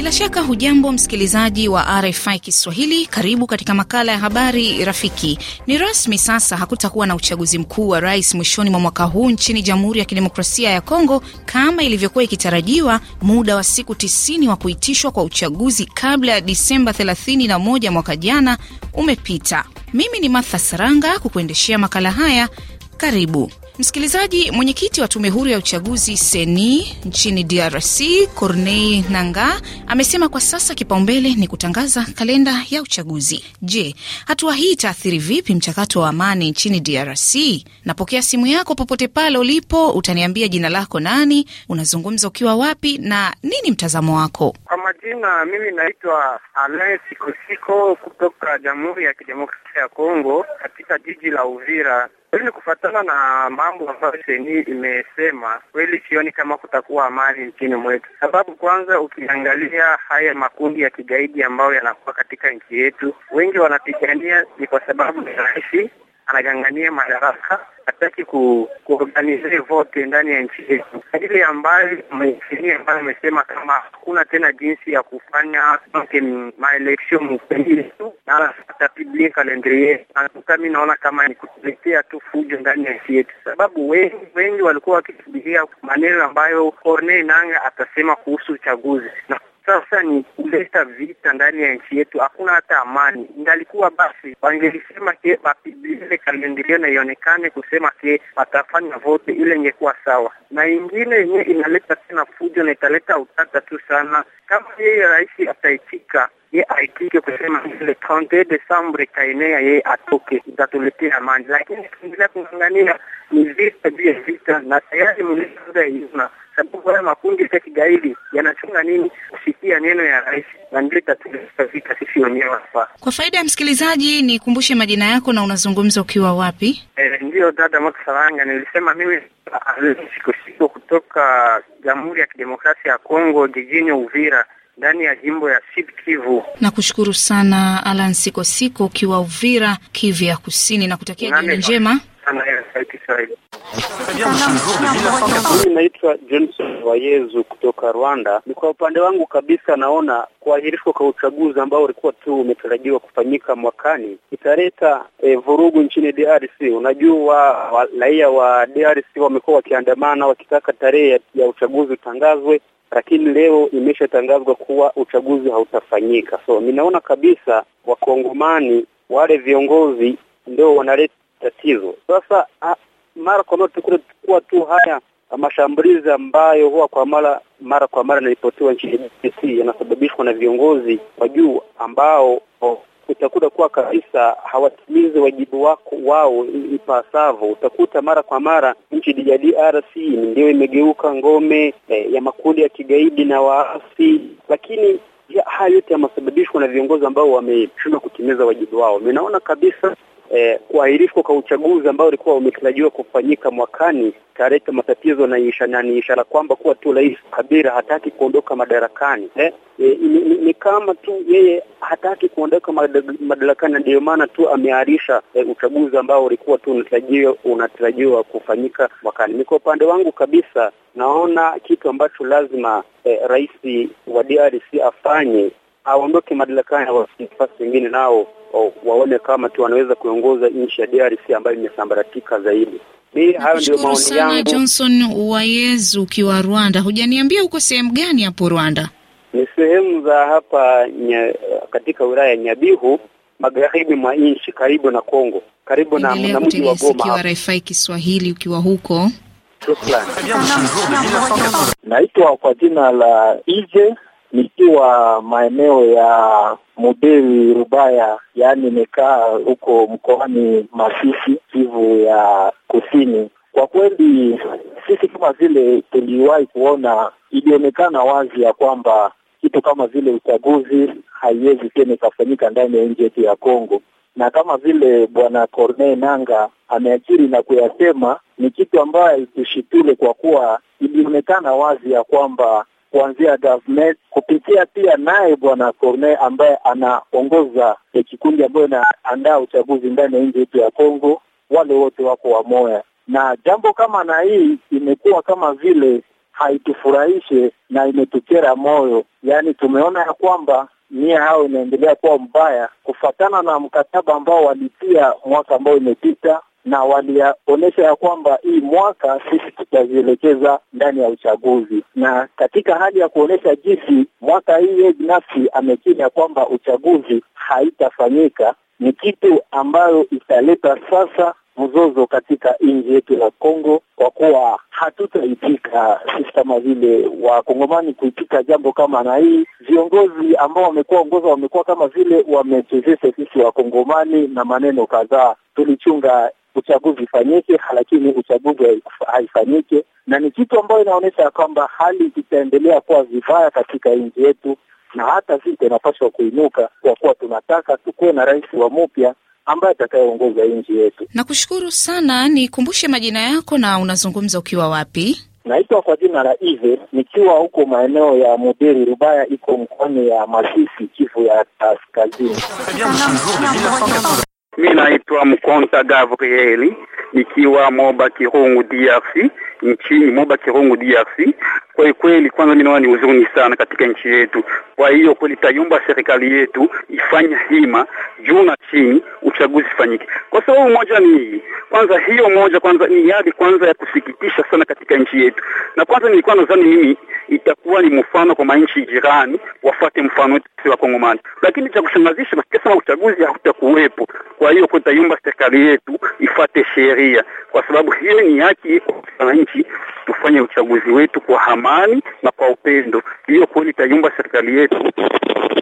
Bila shaka hujambo msikilizaji wa RFI Kiswahili, karibu katika makala ya habari rafiki. Ni rasmi sasa, hakutakuwa na uchaguzi mkuu wa rais mwishoni mwa mwaka huu nchini Jamhuri ya Kidemokrasia ya Kongo kama ilivyokuwa ikitarajiwa, muda wa siku 90 wa kuitishwa kwa uchaguzi kabla ya Disemba 31 mwaka jana umepita. Mimi ni Martha Saranga kukuendeshea makala haya, karibu. Msikilizaji, mwenyekiti wa tume huru ya uchaguzi seni nchini DRC Cornei Nanga amesema kwa sasa kipaumbele ni kutangaza kalenda ya uchaguzi. Je, hatua hii itaathiri vipi mchakato wa amani nchini DRC? Napokea simu yako popote pale ulipo, utaniambia jina lako nani, unazungumza ukiwa wapi na nini mtazamo wako? majina, mimi naitwa Alain Sikosiko kutoka Jamhuri ya Kidemokrasia ya Kongo katika jiji la Uvira. Kweli kufatana na mambo ambayo seni imesema, kweli sioni kama kutakuwa amani nchini mwetu, sababu kwanza, ukiangalia haya makundi ya kigaidi ambayo yanakuwa katika nchi yetu, wengi wanapigania ni kwa sababu ni rahisi anagangania madaraka, hataki kuorganize vote ndani ya nchi yetu. Ile ambayo ambayo amesema kama hakuna tena jinsi ya kufanya maelection tu na atablie calendrier. Atuka mi naona kama ni kutuletea tu fujo ndani ya nchi yetu, sababu wengi wengi walikuwa wakisubiria maneno ambayo Corneille Nangaa atasema kuhusu uchaguzi na sasa ni kuleta vita ndani ya nchi yetu, hakuna hata amani. Ingalikuwa basi wangelisema ke bapibilile kalendelio na ionekane kusema ke watafanya vote, ile ingekuwa sawa. Na ingine yenyewe inaleta tena fujo na italeta utata tu sana. Kama yeye rais ataitika ye aitike kusema ile trente Desembre kaenea yeye atoke, itatuletea amani, lakini tuendelea kung'ang'ania ni vita juu ya vita, na tayari mliaa sababu haya makundi ya kigaidi yanachunga nini kusikia neno ya rais, na ndio itatuletea vita sisi wenyewe hapa. Kwa faida ya msikilizaji, nikumbushe majina yako na unazungumza ukiwa wapi? Eh, ndiyo dada Mwakasaranga, nilisema mimi siku siku kutoka Jamhuri ya Kidemokrasia ya Kongo jijini Uvira ndani ya jimbo ya Sud Kivu. Nakushukuru sana Alan Sikosiko ukiwa Uvira, Kivu ya Kusini, na kutakia jioni njema. Kiswahili. Mimi naitwa Johnson Wayezu kutoka Rwanda. Ni kwa upande wangu kabisa, naona kuahirishwa kwa uchaguzi ambao ulikuwa tu umetarajiwa kufanyika mwakani italeta e, vurugu nchini DRC. Unajua raia wa, wa DRC wamekuwa wakiandamana wakitaka tarehe ya, ya uchaguzi utangazwe lakini leo imeshatangazwa kuwa uchaguzi hautafanyika. So ninaona kabisa wakongomani wale viongozi ndio wanaleta tatizo sasa. Ah, mara kwa mara kuwa tu haya mashambulizi ambayo huwa kwa mara mara kwa mara inaripotiwa nchini DRC yanasababishwa na viongozi wa juu ambao utakuta kuwa kabisa hawatimizi wajibu wako wao ipasavyo. Utakuta mara kwa mara nchi ya DRC ndio imegeuka ngome eh, ya makundi ya kigaidi na waasi, lakini haya yote yamesababishwa na viongozi ambao wameshindwa kutimiza wajibu wao. Ninaona kabisa eh, kuahirishwa kwa uchaguzi ambao ulikuwa umetarajiwa kufanyika mwakani italeta matatizo na ishara ishara kwamba kuwa tu Rais Kabila hataki kuondoka madarakani eh, eh, ni, ni, ni kama tu yeye hataki kuondoka madarakani, na ndiyo maana tu ameahirisha eh, uchaguzi ambao ulikuwa tu unatarajiwa unatarajiwa kufanyika mwakani. Ni kwa upande wangu kabisa naona kitu ambacho lazima eh, rais wa DRC afanye aondoke madarakani, na nafasi wengine nao oh, waone kama tu wanaweza kuongoza nchi ya DRC ambayo imesambaratika zaidi. Mimi hayo ndio sana Johnson Wayezu ukiwa Rwanda, hujaniambia uko sehemu gani hapo Rwanda? Ni sehemu za hapa nye, katika wilaya ya Nyabihu magharibi mwa nchi karibu na Kongo, karibu na mji wa Goma. Ukiwa RFI Kiswahili ukiwa huko. Naitwa kwa jina la Ije nikiwa maeneo ya Mudeli Rubaya, yaani imekaa huko mkoani Masisi, Kivu ya Kusini. Kwa kweli sisi kama vile tuliwahi kuona, ilionekana wazi ya kwamba kitu kama vile uchaguzi haiwezi tena ikafanyika ndani ya nchi yetu ya Kongo, na kama vile bwana Corne Nanga ameakiri na kuyasema, ni kitu ambayo itushitule kwa kuwa ilionekana wazi ya kwamba kuanzia government kupitia pia naye bwana Corne ambaye anaongoza e kikundi ambayo inaandaa uchaguzi ndani ya nchi yetu ya Kongo. Wale wote wako wamoya, na jambo kama na hii imekuwa kama vile haitufurahishe na imetukera moyo, yaani tumeona ya kwamba nia yao inaendelea kuwa mbaya kufatana na mkataba ambao walitia mwaka ambao imepita na walionyesha ya kwamba hii mwaka sisi tutazielekeza ndani ya uchaguzi, na katika hali ya kuonyesha jinsi mwaka hii yeye binafsi amekiri ya kwamba uchaguzi haitafanyika, ni kitu ambayo italeta sasa mzozo katika nchi yetu ya Kongo, kwa kuwa hatutaitika sisi kama vile wakongomani kuitika jambo kama na hii. Viongozi ambao wamekuwa ongoza wamekuwa kama vile wamechezesha sisi wakongomani na maneno kadhaa. Tulichunga uchaguzi ifanyike, lakini uchaguzi haifanyike, na ni kitu ambayo inaonyesha ya kwamba hali itaendelea kuwa vibaya katika nchi yetu, na hata vita inapaswa kuinuka, kwa kuwa tunataka tukuwe na rais wa mupya ambaye atakayeongoza nchi yetu. Nakushukuru sana, nikumbushe majina yako na unazungumza ukiwa wapi? Naitwa kwa jina la Ive, nikiwa huko maeneo ya Muderi Rubaya, iko mkoani ya Masisi, Kivu ya Kaskazini. Mi naitwa Mkonta Gavrieli nikiwa Moba Kirungu DRC, nchini Moba Kirungu DRC. Kwa kweli, kwanza mimi naona ni huzuni sana katika nchi yetu. Kwa hiyo kweli tayumba serikali yetu ifanye hima juu na chini, uchaguzi fanyike, kwa sababu moja ni kwanza hiyo moja kwanza ni hali kwanza ya kusikitisha sana katika nchi yetu, na kwanza nilikuwa nadhani mimi itakuwa ni mfano kwa manchi jirani, wafate mfano wetu wa Kongomani, lakini cha kushangazisha, sana uchaguzi hautakuwepo kwa hiyo kutayumba serikali yetu ifate sheria, kwa sababu hiyo ni haki kwa wananchi. Tufanye uchaguzi wetu kwa amani na kwa upendo. Hiyo kweli itayumba serikali yetu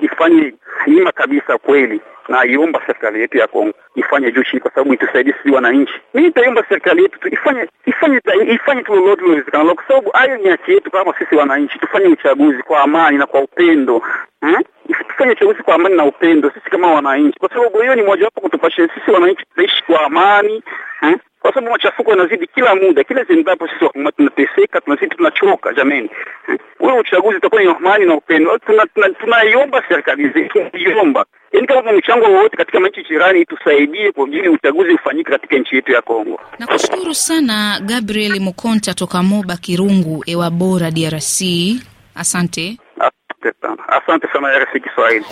ifanye hima kabisa kweli, na iomba serikali yetu ya Kongo ifanye juu chini, kwa sababu itusaidie sisi wananchi. Mimi itayumba serikali yetu tu ifanye ifanye ifanye tu lolote linawezekana, kwa sababu hayo ni haki yetu kama sisi wananchi. Tufanye uchaguzi kwa amani na kwa upendo, hmm? Tufanye uchaguzi kwa amani na upendo, sisi kama wananchi, kwa sababu hiyo ni moja wapo kutupasha sisi wananchi tunaishi kwa amani hmm? Kwa sababu machafuko yanazidi kila muda, kila zendapo sisi tunateseka, tunazidi tunachoka. Jamani, huyo hmm? uchaguzi utakuwa ni amani na upendo. Tunaiomba serikali zetu, iomba yani kama kuna mchango wowote katika nchi jirani tusaidie kwa ajili uchaguzi ufanyike katika nchi yetu ya Kongo. Nakushukuru sana Gabriel Mukonta toka Moba Kirungu, ewa bora DRC. Asante. Tetana. Asante sana RFI Kiswahili.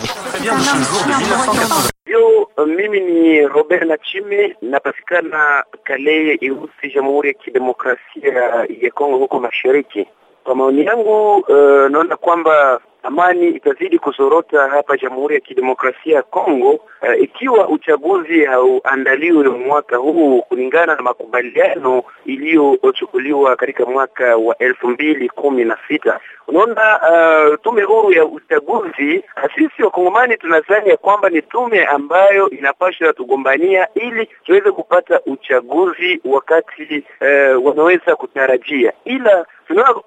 Yo, mimi ni Robert Nachime, napatikana Kalehe Irusi, Jamhuri ya Kidemokrasia ya Kongo, huko mashariki. Kwa maoni yangu, uh, naona kwamba amani itazidi kusorota hapa Jamhuri ya Kidemokrasia ya Kongo uh, ikiwa uchaguzi hauandaliwe mwaka huu kulingana na makubaliano iliyochukuliwa katika mwaka wa elfu mbili kumi na sita. Unaona, uh, tume huru ya uchaguzi, eh, sisi wakongomani tunadhani ya kwamba ni tume ambayo inapaswa tugombania ili tuweze kupata uchaguzi wakati uh, wanaweza kutarajia, ila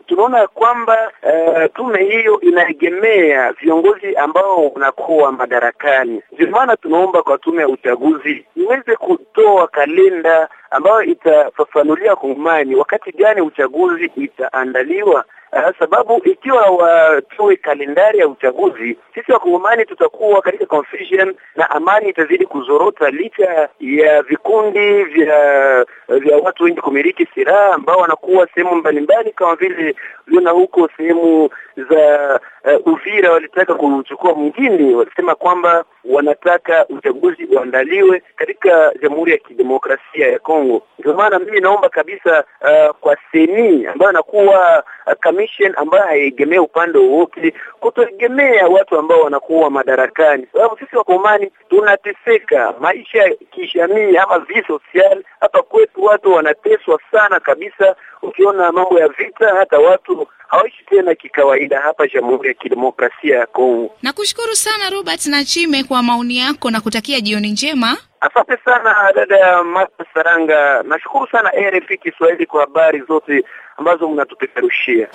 tunaona kwamba uh, tume hiyo ina kutegemea viongozi ambao wanakuwa madarakani. Ndio maana tunaomba kwa tume ya uchaguzi iweze kutoa kalenda ambayo itafafanulia kungumani wakati gani uchaguzi itaandaliwa Uh, sababu ikiwa watoe kalendari ya uchaguzi, sisi wakongomani tutakuwa katika confusion na amani itazidi kuzorota, licha ya vikundi vya vya watu wengi kumiliki silaha ambao wanakuwa sehemu mbalimbali kama vile uliona huko sehemu za uh, Uvira walitaka kuchukua mwingine, walisema kwamba wanataka uchaguzi uandaliwe katika Jamhuri ya Kidemokrasia ya Kongo. Ndio maana mimi naomba kabisa uh, kwa seni ambayo anakuwa uh, commission ambayo haiegemee upande wowote, kutoegemea watu ambao wanakuwa madarakani, sababu sisi Wakongomani tunateseka maisha ya kijamii ama vie social. Hapa kwetu watu wanateswa sana kabisa, ukiona mambo ya vita, hata watu hawaishi tena kikawaida hapa Jamhuri ya Kidemokrasia ya Kongo. Nakushukuru sana Robert Nachime kwa maoni yako na kutakia jioni njema. Asante sana dada Mata Saranga, nashukuru sana RFI Kiswahili kwa habari zote ambazo mnatupeperushia.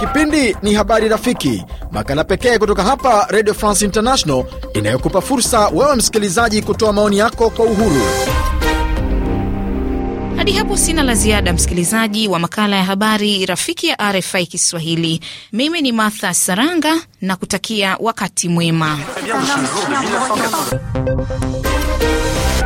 Kipindi ni Habari Rafiki, makala pekee kutoka hapa Radio France International inayokupa fursa wewe msikilizaji kutoa maoni yako kwa uhuru. Hadi hapo sina la ziada, msikilizaji wa makala ya habari rafiki ya RFI Kiswahili. Mimi ni Martha Saranga na kutakia wakati mwema.